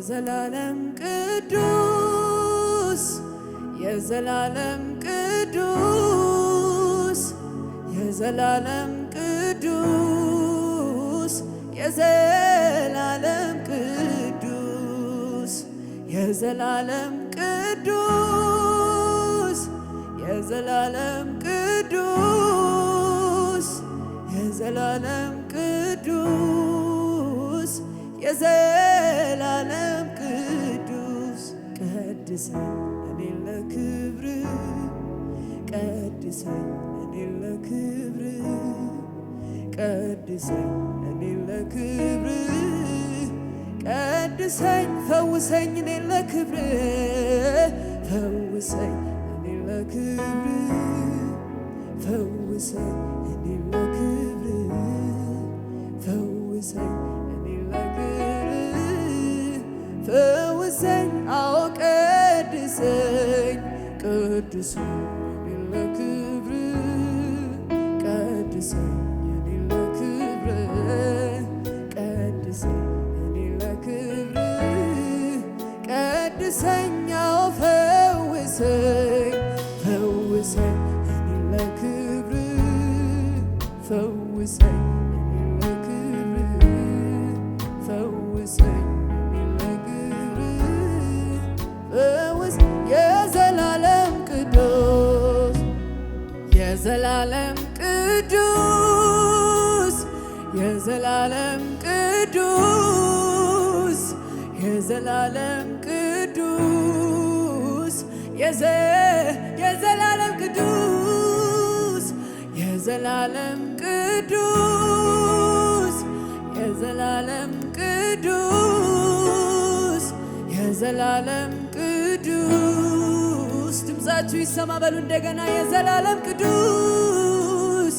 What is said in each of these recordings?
የዘላለም ቅዱስ የዘላለም ቅዱስ የዘላለም ቅዱስ የዘላለም ቅዱስ የዘላለም ቅዱስ የዘላለም ቅዱስ የዘላለም ቅዱስ የዘ ቀድሰኝ እኔን ለክብር ቀድሰኝ እኔን ለክብር ቀድሰኝ እኔን ለክብር ቀድሰኝ ፈውሰኝ እኔን ለክብር ፈውሰኝ እኔን ለክብር ፈውሰኝ እኔን ለክብር ፈውሰኝ desire. የዘላለም ቅዱስ የዘላለም ቅዱስ የዘላለም ቅዱስ የዘላለም ቅዱስ የዘላለም ቅዱስ የዘላለም ቅዱስ የዘላለም ድምፃችሁ ይሰማ በሉ እንደገና የዘላለም ቅዱስ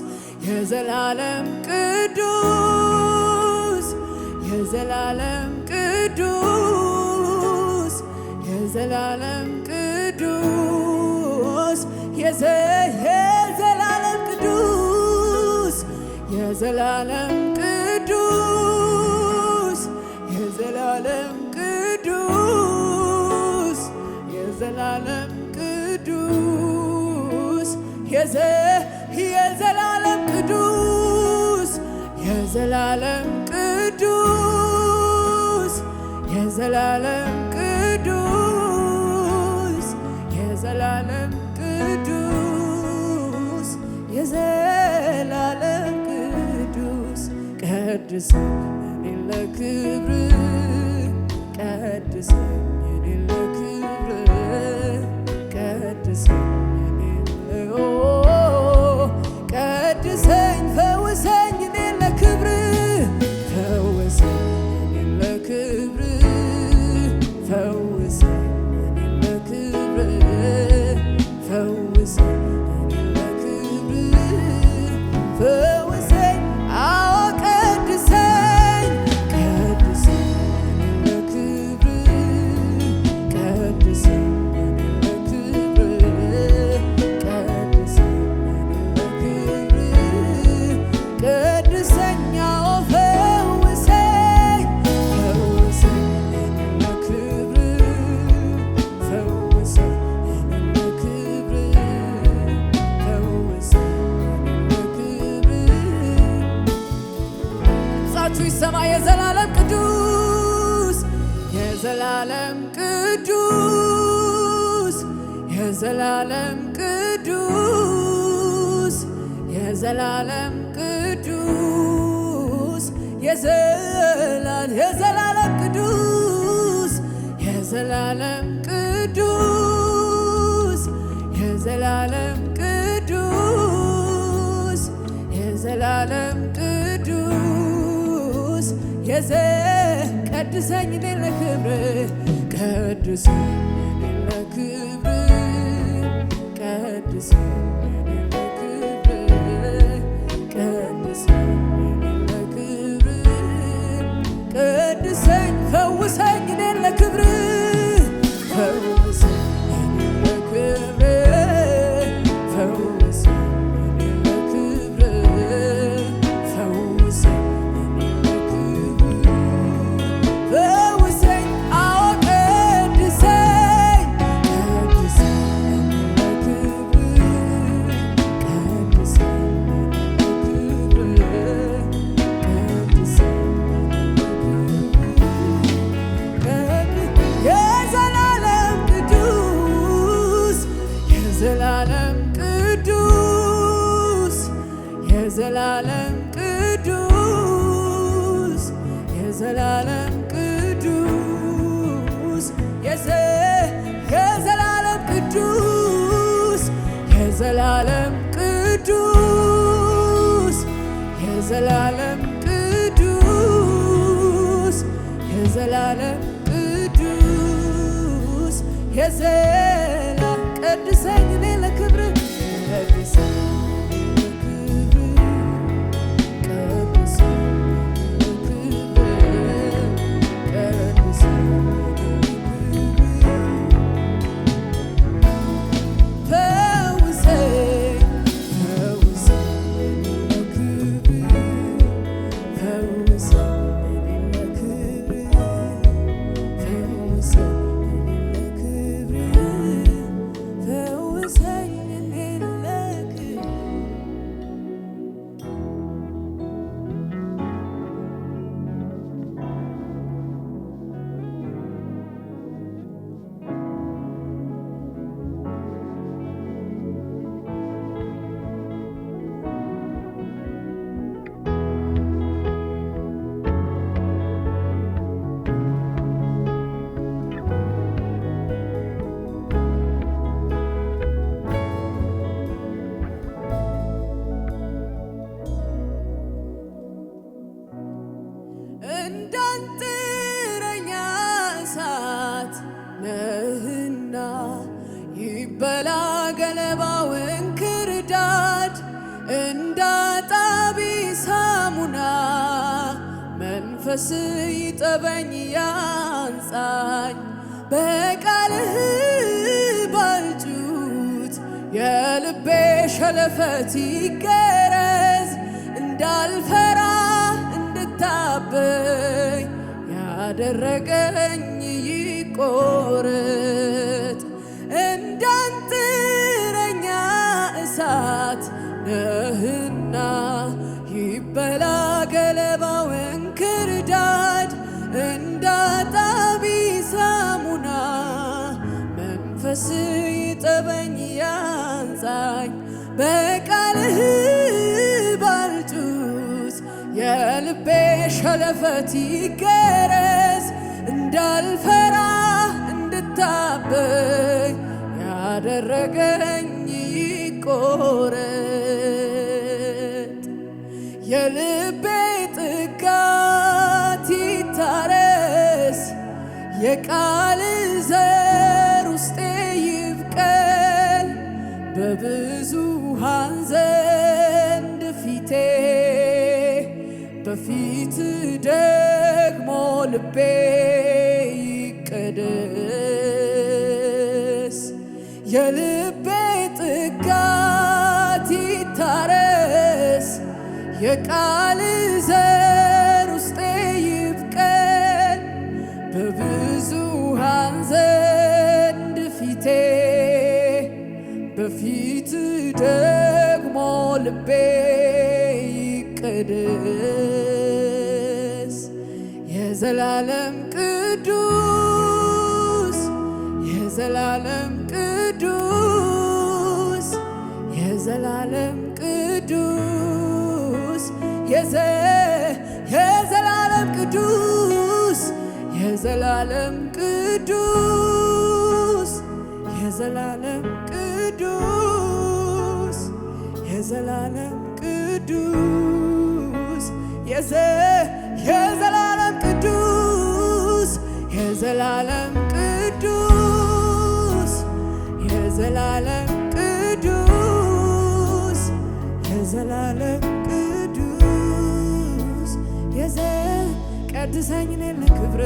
የዘላለም ቅዱስ የዘላለም ቅዱስ የዘላለም ቅዱስ የዘላለም ቅዱስ የዘላለም ቅዱስ የዘላለም ቅዱስ የዘላለም የዘ የዘላለም ቅዱስ የዘላለም ቅዱስ የዘላለም ቅዱስ የዘላለም ቅዱስ የዘላለም ቅዱስ ቅዱስ እኔ የዘላለም ቅዱስ የዘላለም ቅዱስ የዘላለም ቅዱስ የዘላለም ቅዱስ የዘላለም ቅዱስ የዘላለም ቅዱስ የዘ ቀድሰኝ እኔን ለክብር ቀድሰኝ እኔን ለክብር É dizer. የዘላለም ቅዱስ የዘላለም ቅዱስ የዘላለም ቅዱስ የዘላለም ቅዱስ የዘላለም ቅዱስ የዘላለም ቅዱስ የዘላ ቀድሰኝ ጥበበኝ ያንጻኝ በቃልህ ባልጩት የልቤ ሸለፈት ይገረዝ እንዳልፈራ እንድታበይ ያደረገኝ ይቆረ መንፈስ ይጠበኝ ያንጻኝ በቃልህ ባልጩት የልቤ ሸለፈት ይገረዝ እንዳልፈራ እንድታበይ ያደረገኝ ይቆረጥ የልቤ ጥጋት ይታረስ የቃል ዘ በብዙሃን ዘንድ ፊቴ በፊት ደግሞ ልቤ ይቀደስ የልቤ ጥጋት ይታረስ የቃል ልቤ ይቅደስ የዘላለም ቅዱስ የዘላለም ቅዱስ የዘላለም ቅዱስ የዘላለም ቅዱስ የዘላለም ቅዱስ የዘላለም ቅዱስ የዘላለም ቅዱስ የዘላለም ቅዱስ የዘላለም ቅዱስ የዘላለም ቅዱስ የዘላለም ቅዱስ የዘ ቀድሰኝ እኔን ለክብር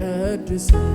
ቀድሰኝ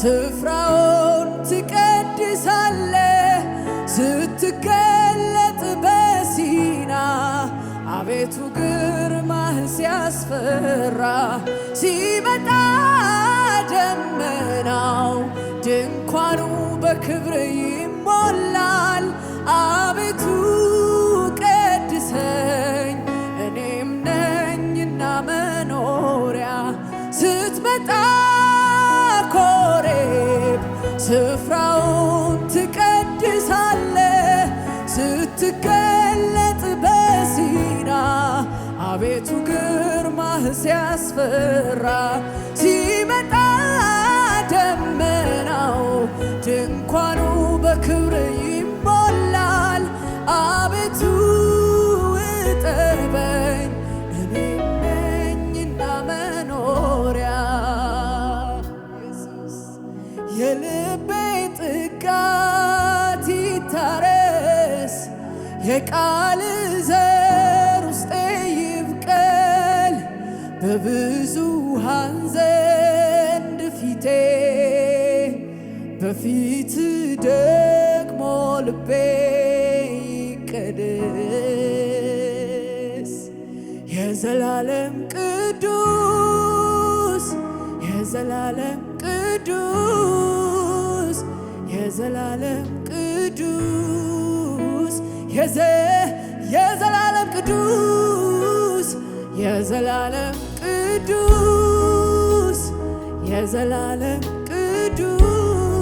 ስፍራውን ትቀድሳለ ስትገለጥ በሲና አቤቱ ግርማህ ሲያስፈራ ሲመጣ ደመናው ድንኳኑ በክብር ይሞላል አቤቱ ስፍራውን ትቀድሳለ ስትገለጥ በሲና አቤቱ ግርማህ ሲያስፈራ የቃል ዘር ውስጤ ይብቀል በብዙሃን ዘንድ ፊቴ በፊት ደግሞ ልቤ ይቀደስ የዘላለም ቅዱስ የዘላለም ቅዱስ የዘላለም ቅዱስ ቅዱስ የዘ የዘላለም ቅዱስ የዘላለም ቅዱስ የዘላለም ቅዱስ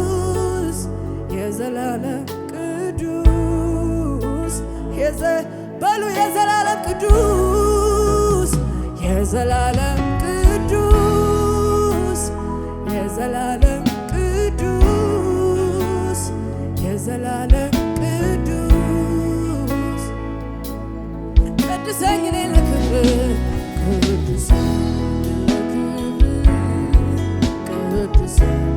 የዘላለም ቅዱስ የዘ በሉ የዘላለም ቅዱስ የዘላለም ቅዱስ የዘላለም ቅዱስ የዘላለም ቀድሰኝ እኔን ለክብር ቀድሰኝ ለክብር ቀድሰኝ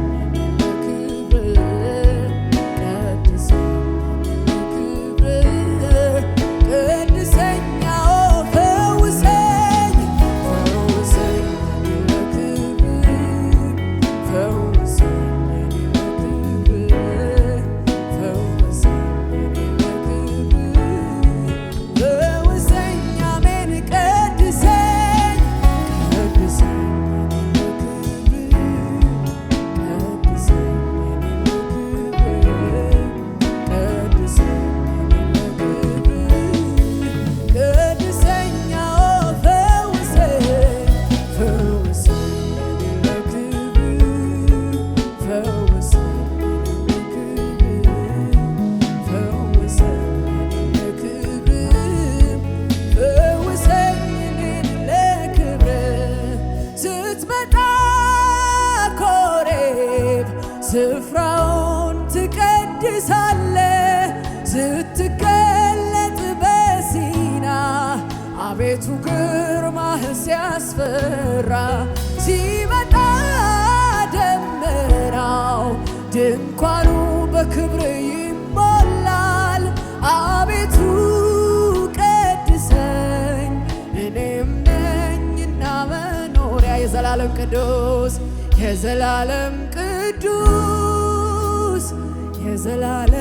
ዘላለ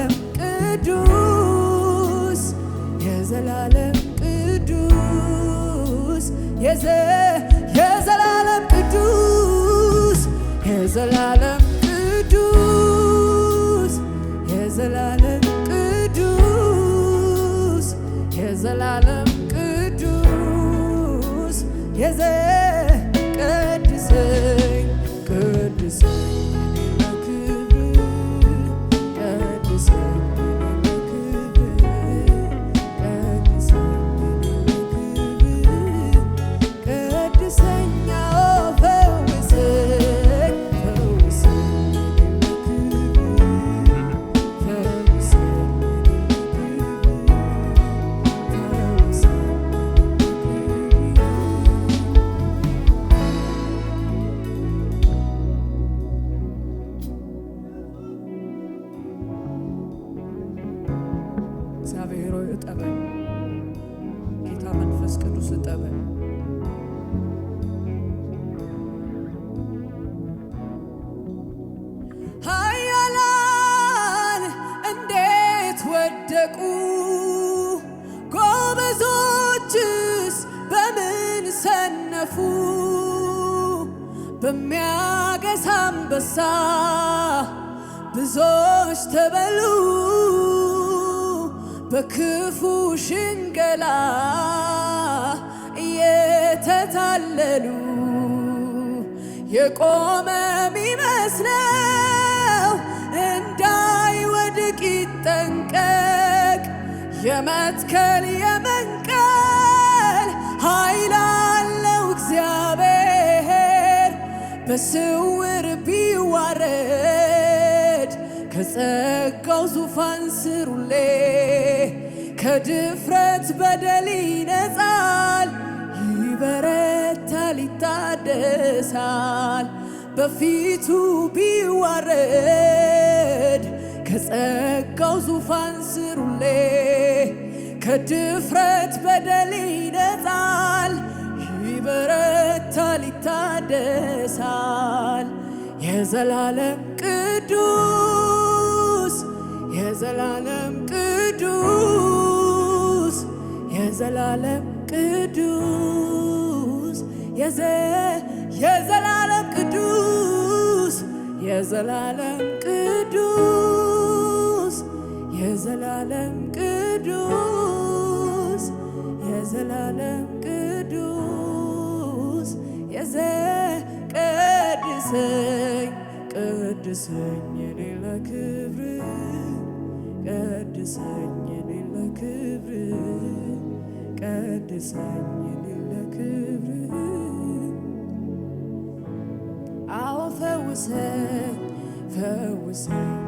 ብዙዎች ተበሉ በክፉ ሽንገላ እየተታለሉ የቆመ ሚመስለው እንዳይወድቅ ይጠንቀቅ። የመትከል የመንቀል ኃይል አለው እግዚአብሔር በስውር ቢዋረድ በጸጋው ዙፋን ስሩሌ ከድፍረት በደል ይነጻል፣ ይበረታል፣ ይታደሳል። በፊቱ ቢዋረድ ከጸጋው ዙፋን ስሩሌ ከድፍረት በደል ይነጻል፣ ይበረታል፣ ይታደሳል። የዘላለም ቅዱስ የዘላለም ቅዱስ የዘላለም ቅዱስ የዘላለም ቅዱስ የዘላለም ቅዱስ የዘላለም ቅዱስ የዘላለም ቅዱስ የዘ የዘቅድሰኝ ቅድሰኝ የሌለ ክብር ቀድሰኝ እኔን ለክብርህ ቀድሰኝ እኔን ለክብርህ አዎ ፈውሰኝ ፈውሰኝ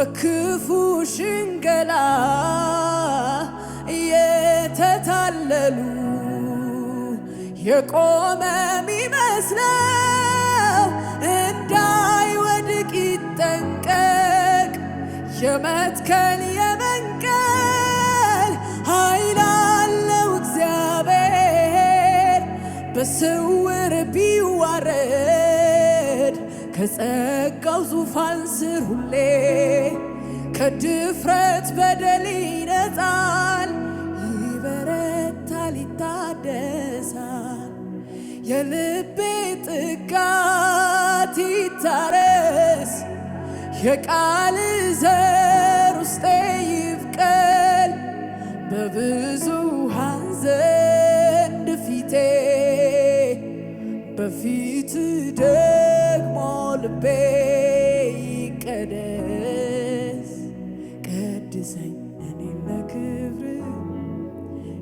በክፉ ሽንገላ የተታለሉ የቆመ ሚመስለው እንዳይወድቅ ይጠንቀቅ። የመትከል የመንቀል ኃይል አለው እግዚአብሔር በስውር ቢ ከጸጋው ዙፋን ስር ሁሌ ከድፍረት በደል ይነጻል፣ ይበረታል፣ ይታደሳል። የልቤ ጥጋት ይታረስ፣ የቃል ዘር ውስጤ ይብቀል። በብዙሃን ዘንድ ፊቴ በፊት ደ ልቤ ይቀደስ ቀድሰኝ እኔ ለክብር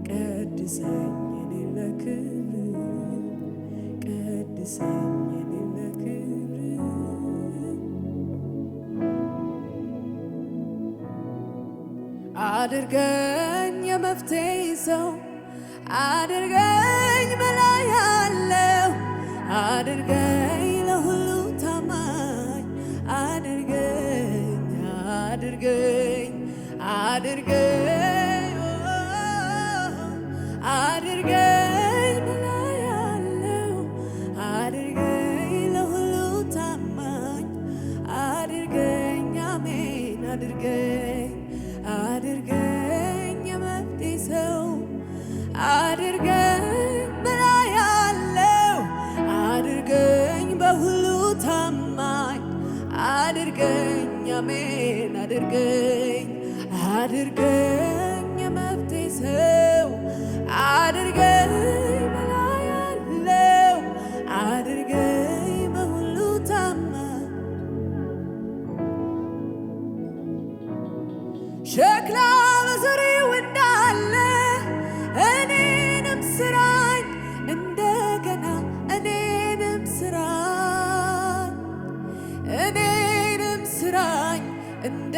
ቀድሰኝ እኔ ለክብር ቀድሰኝ እኔ ለክብር አድርገኝ የመፍትሄ ሰው አድርገኝ በላይ ያለው አድርገኝ አድርገኝ አድርገኝ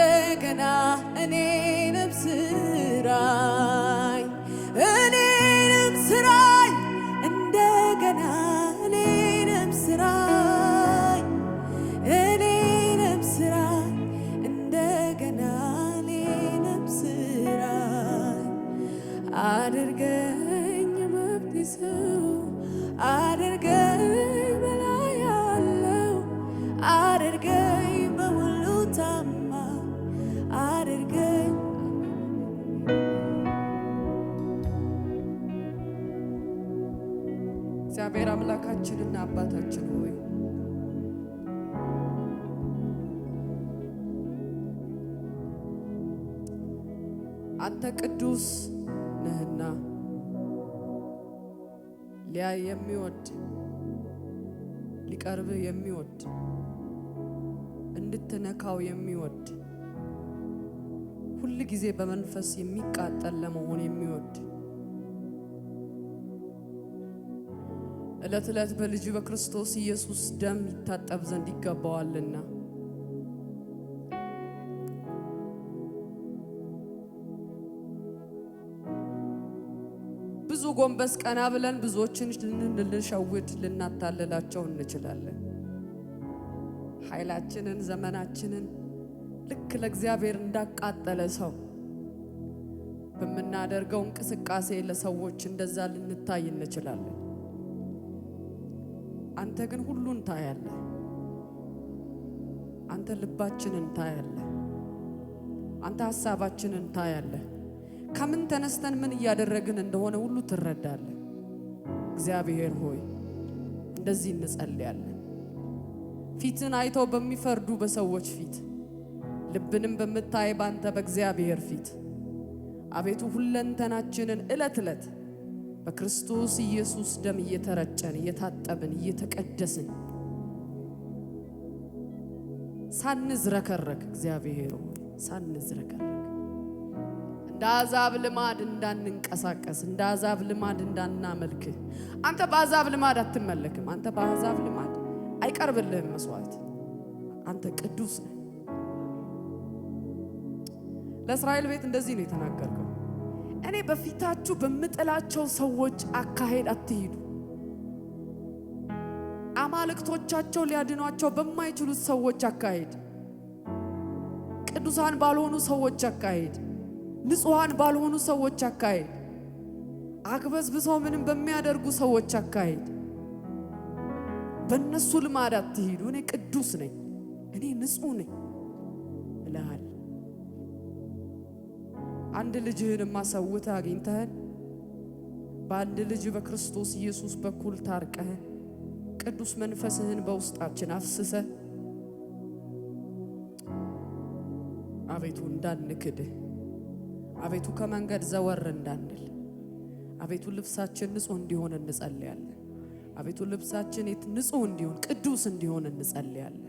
እንደገና እኔንም ስራ አምላካችንና አባታችን ሆይ አንተ ቅዱስ ነህና ሊያይ የሚወድ ሊቀርብህ የሚወድ እንድትነካው የሚወድ ሁል ጊዜ በመንፈስ የሚቃጠል ለመሆን የሚወድ ዕለት ዕለት በልጁ በክርስቶስ ኢየሱስ ደም ይታጠብ ዘንድ ይገባዋልና ብዙ ጎንበስ ቀና ብለን ብዙዎችን ልንሸውድ ልናታልላቸው እንችላለን። ኃይላችንን ዘመናችንን ልክ ለእግዚአብሔር እንዳቃጠለ ሰው በምናደርገው እንቅስቃሴ ለሰዎች እንደዛ ልንታይ እንችላለን። አንተ ግን ሁሉን ታያለህ። አንተ ልባችንን ታያለህ። አንተ ሀሳባችንን ታያለህ። ከምን ተነስተን ምን እያደረግን እንደሆነ ሁሉ ትረዳለህ። እግዚአብሔር ሆይ እንደዚህ እንጸልያለን። ፊትን አይተው በሚፈርዱ በሰዎች ፊት ልብንም በምታይ ባንተ በእግዚአብሔር ፊት አቤቱ ሁለንተናችንን ዕለት ዕለት በክርስቶስ ኢየሱስ ደም እየተረጨን እየታጠብን እየተቀደስን ሳንዝረከረክ እግዚአብሔር ሳንዝረከረክ እንደ ልማድ እንዳንንቀሳቀስ እንደ ልማድ እንዳናመልክ አንተ በአዛብ ልማድ አትመለክም። አንተ በአዛብ ልማድ አይቀርብልህም መስዋዕት። አንተ ቅዱስ ነህ። ለእስራኤል ቤት እንደዚህ ነው የተናገርከው። እኔ በፊታችሁ በምጥላቸው ሰዎች አካሄድ አትሄዱ። አማልክቶቻቸው ሊያድኗቸው በማይችሉት ሰዎች አካሄድ፣ ቅዱሳን ባልሆኑ ሰዎች አካሄድ፣ ንጹሐን ባልሆኑ ሰዎች አካሄድ፣ አግበዝብሰው ምንም በሚያደርጉ ሰዎች አካሄድ በእነሱ ልማድ አትሄዱ። እኔ ቅዱስ ነኝ፣ እኔ ንጹሕ ነኝ እልሃል። አንድ ልጅህን ማሰውተ አግኝተህን በአንድ ልጅ በክርስቶስ ኢየሱስ በኩል ታርቀህን ቅዱስ መንፈስህን በውስጣችን አፍስሰ አቤቱ እንዳንክድህ አቤቱ ከመንገድ ዘወር እንዳንል አቤቱ ልብሳችን ንጹህ እንዲሆን እንጸልያለን። አቤቱ ልብሳችን ንጹህ እንዲሆን ቅዱስ እንዲሆን እንጸልያለን።